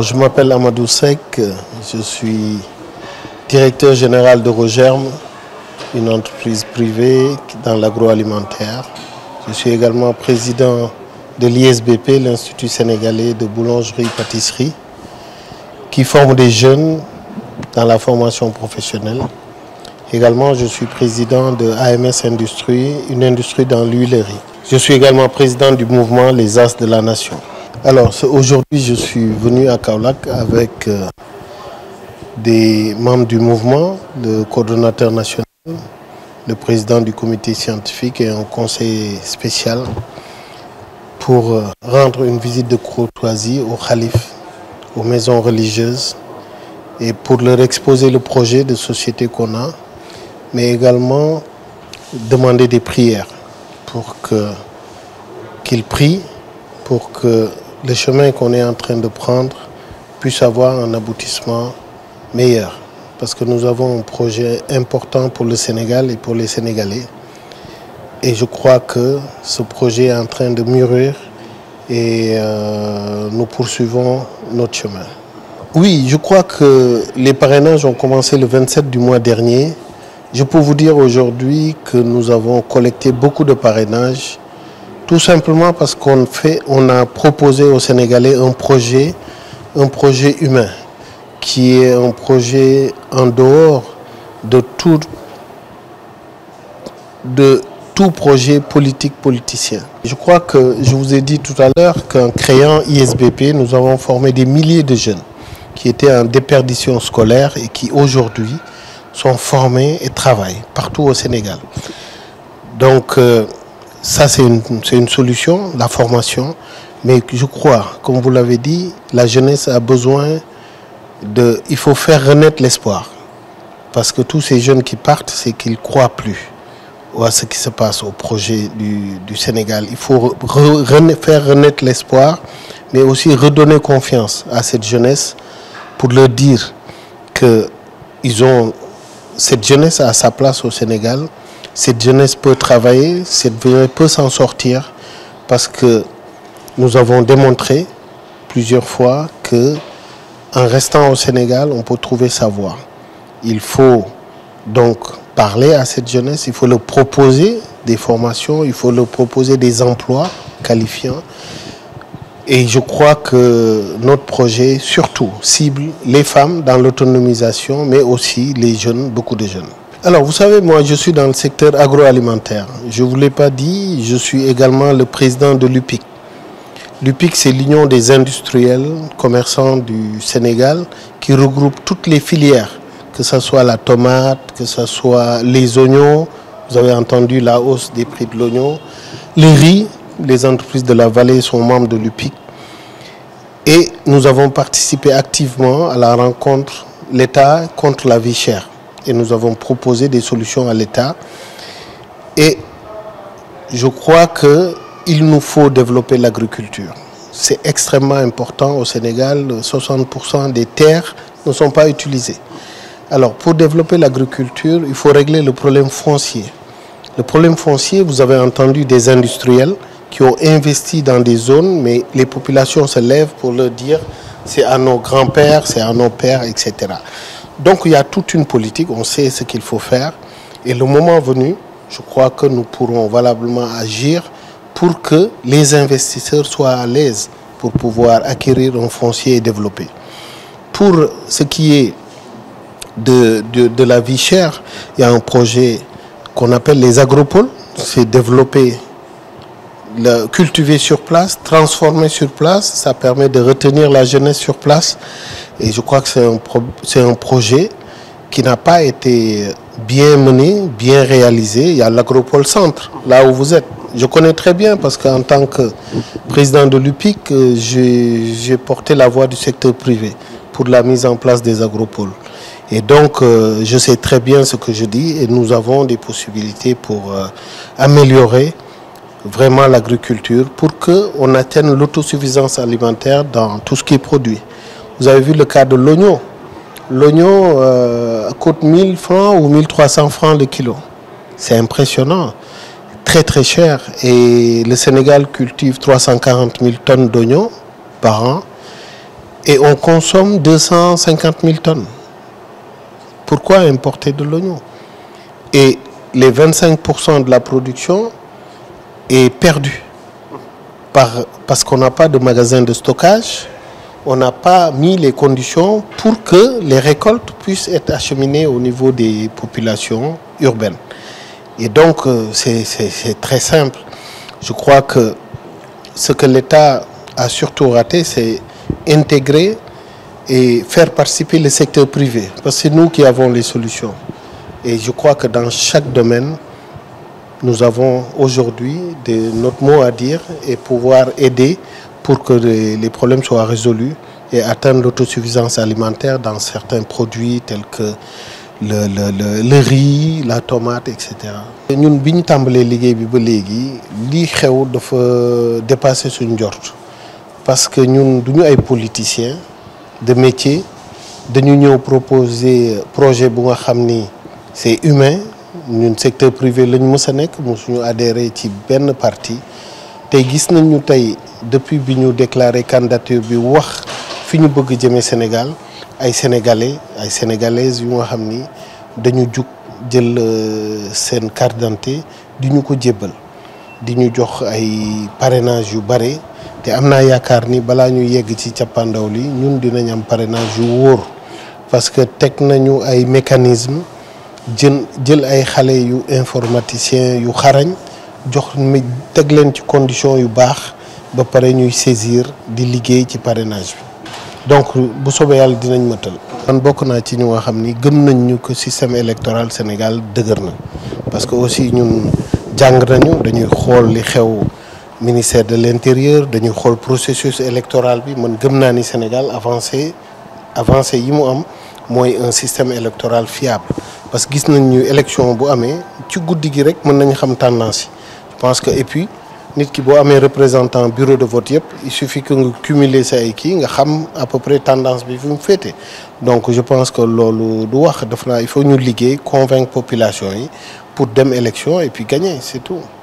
je m'appelle Amadou Sek, je suis directeur général de Rogerme, une entreprise privée dans l'agroalimentaire. Je suis également président de l'ISBP, l'Institut sénégalais de boulangerie-pâtisserie, qui forme des jeunes dans la formation professionnelle. Également, je suis président de AMS Industrie, une industrie dans l'huilerie. Je suis également président du mouvement Les As de la Nation. Alors, aujourd'hui, je suis venu à Kaolac avec euh, des membres du mouvement, le coordonnateur national, le président du comité scientifique et un conseil spécial pour euh, rendre une visite de courtoisie au Khalif, aux maisons religieuses et pour leur exposer le projet de société qu'on a, mais également demander des prières pour qu'ils prient, pour que le chemin qu'on est en train de prendre puisse avoir un aboutissement meilleur. Parce que nous avons un projet important pour le Sénégal et pour les Sénégalais. Et je crois que ce projet est en train de mûrir et euh, nous poursuivons notre chemin. Oui, je crois que les parrainages ont commencé le 27 du mois dernier. Je peux vous dire aujourd'hui que nous avons collecté beaucoup de parrainages tout simplement parce qu'on on a proposé aux Sénégalais un projet, un projet humain, qui est un projet en dehors de tout, projet politique politicien. Je crois que je vous ai dit tout à l'heure qu'en créant ISBP, nous avons formé des milliers de jeunes qui étaient en déperdition scolaire et qui aujourd'hui sont formés et travaillent partout au Sénégal. Donc euh, ça, c'est une, solution, la formation. Mais je crois, comme vous l'avez dit, la jeunesse a besoin de... Il faut faire renaître l'espoir. Parce que tous ces jeunes qui partent, c'est qu'ils croient plus à ce qui se passe au projet du, Sénégal. Il faut faire renaître l'espoir, mais aussi redonner confiance à cette jeunesse pour leur dire que ils ont, cette jeunesse a sa place au Sénégal, cette jeunesse peut travailler, cette jeunesse peut s'en sortir parce que nous avons démontré plusieurs fois que en restant au Sénégal, on peut trouver sa voie. Il faut donc parler à cette jeunesse, il faut leur proposer des formations, il faut leur proposer des emplois qualifiants. Et je crois que notre projet, surtout, cible les femmes dans l'autonomisation, mais aussi les jeunes, beaucoup de jeunes. Alors, vous savez, moi, je suis dans le secteur agroalimentaire. Je ne vous l'ai pas dit, je suis également le président de l'UPIC. L'UPIC, c'est l'Union des industriels commerçants du Sénégal qui regroupe toutes les filières, que ce soit la tomate, que ce soit les oignons, vous avez entendu la hausse des prix de l'oignon, les riz, les entreprises de la vallée sont membres de l'UPIC. Et nous avons participé activement à la rencontre L'État contre la vie chère et nous avons proposé des solutions à l'État. Et je crois qu'il nous faut développer l'agriculture. C'est extrêmement important au Sénégal. 60% des terres ne sont pas utilisées. Alors, pour développer l'agriculture, il faut régler le problème foncier. Le problème foncier, vous avez entendu des industriels qui ont investi dans des zones, mais les populations se lèvent pour leur dire c'est à nos grands-pères, c'est à nos pères, etc. Donc il y a toute une politique, on sait ce qu'il faut faire. Et le moment venu, je crois que nous pourrons valablement agir pour que les investisseurs soient à l'aise pour pouvoir acquérir un foncier et développer. Pour ce qui est de, la vie chère, il y a un projet qu'on appelle les agropoles. C'est développer cultiver sur place, transformer sur place, ça permet de retenir la jeunesse sur place. Et je crois que c'est un, un projet qui n'a pas été bien mené, bien réalisé. Il y a l'agropole centre, là où vous êtes. Je connais très bien parce qu'en tant que président de l'UPIC, euh, j'ai porté la voix du secteur privé pour la mise en place des agropoles. Et donc, euh, je sais très bien ce que je dis et nous avons des possibilités pour euh, améliorer vraiment l'agriculture pour qu'on atteigne l'autosuffisance alimentaire dans tout ce qui est produit. Vous avez vu le cas de l'oignon. L'oignon euh, coûte 1000 francs ou 1300 francs le kilo. C'est impressionnant, très très cher. Et le Sénégal cultive 340 000 tonnes d'oignons par an et on consomme 250 000 tonnes. Pourquoi importer de l'oignon Et les 25% de la production est perdu par, parce qu'on n'a pas de magasin de stockage, on n'a pas mis les conditions pour que les récoltes puissent être acheminées au niveau des populations urbaines. Et donc, euh, c'est très simple. Je crois que ce que l'État a surtout raté, c'est intégrer et faire participer le secteur privé. Parce que c'est nous qui avons les solutions. Et je crois que dans chaque domaine, nous avons aujourd'hui notre mot à dire et pouvoir aider pour que les, problèmes soient résolus et atteindre l'autosuffisance alimentaire dans certains produits tels que le riz la tomate etc. Nous, avons les bi parce que nous sommes pas des politiciens de métier nous proposé proposer projet bu c'est humain. Nous, secteur privé nous mës nek nous adhéré à ben parti Et nous avons depuis nous déclaré candidature bi wax nous Sénégal Les sénégalais les sénégalaises nous avons fait carte d'identité ko Nous jox ay parrainage yu parrainages. parce que nous nañu ay mécanismes jën jël ay xalé yu informaticien yu xarañ jox mi teg leen ci condition yu bax ba paré ñuy saisir di liggéey ci parrainage bi donc bu soobé yalla dinañ mëtal. man bokk naa ci ñu nga xam gëm nañ ñu que système électoral Sénégal dëgër na parce que aussi ñun jang nañu dañuy xol li xew ministère de l'intérieur dañuy xol processus électoral bi man gëm naa ni Sénégal avancé avancé yi mu am moy un système électoral fiable parce que nous avons une élection bu avons ci guddi rek mën nañ xam tendance je pense que et puis nit ki représentants amé représentant bureau de vote il suffit que nous cumuler ça ay nous, nga xam à peu près tendance bi donc je pense que lolu du wax faire il faut ñu liguer, convaincre population yi pour dem élection et puis gagner c'est tout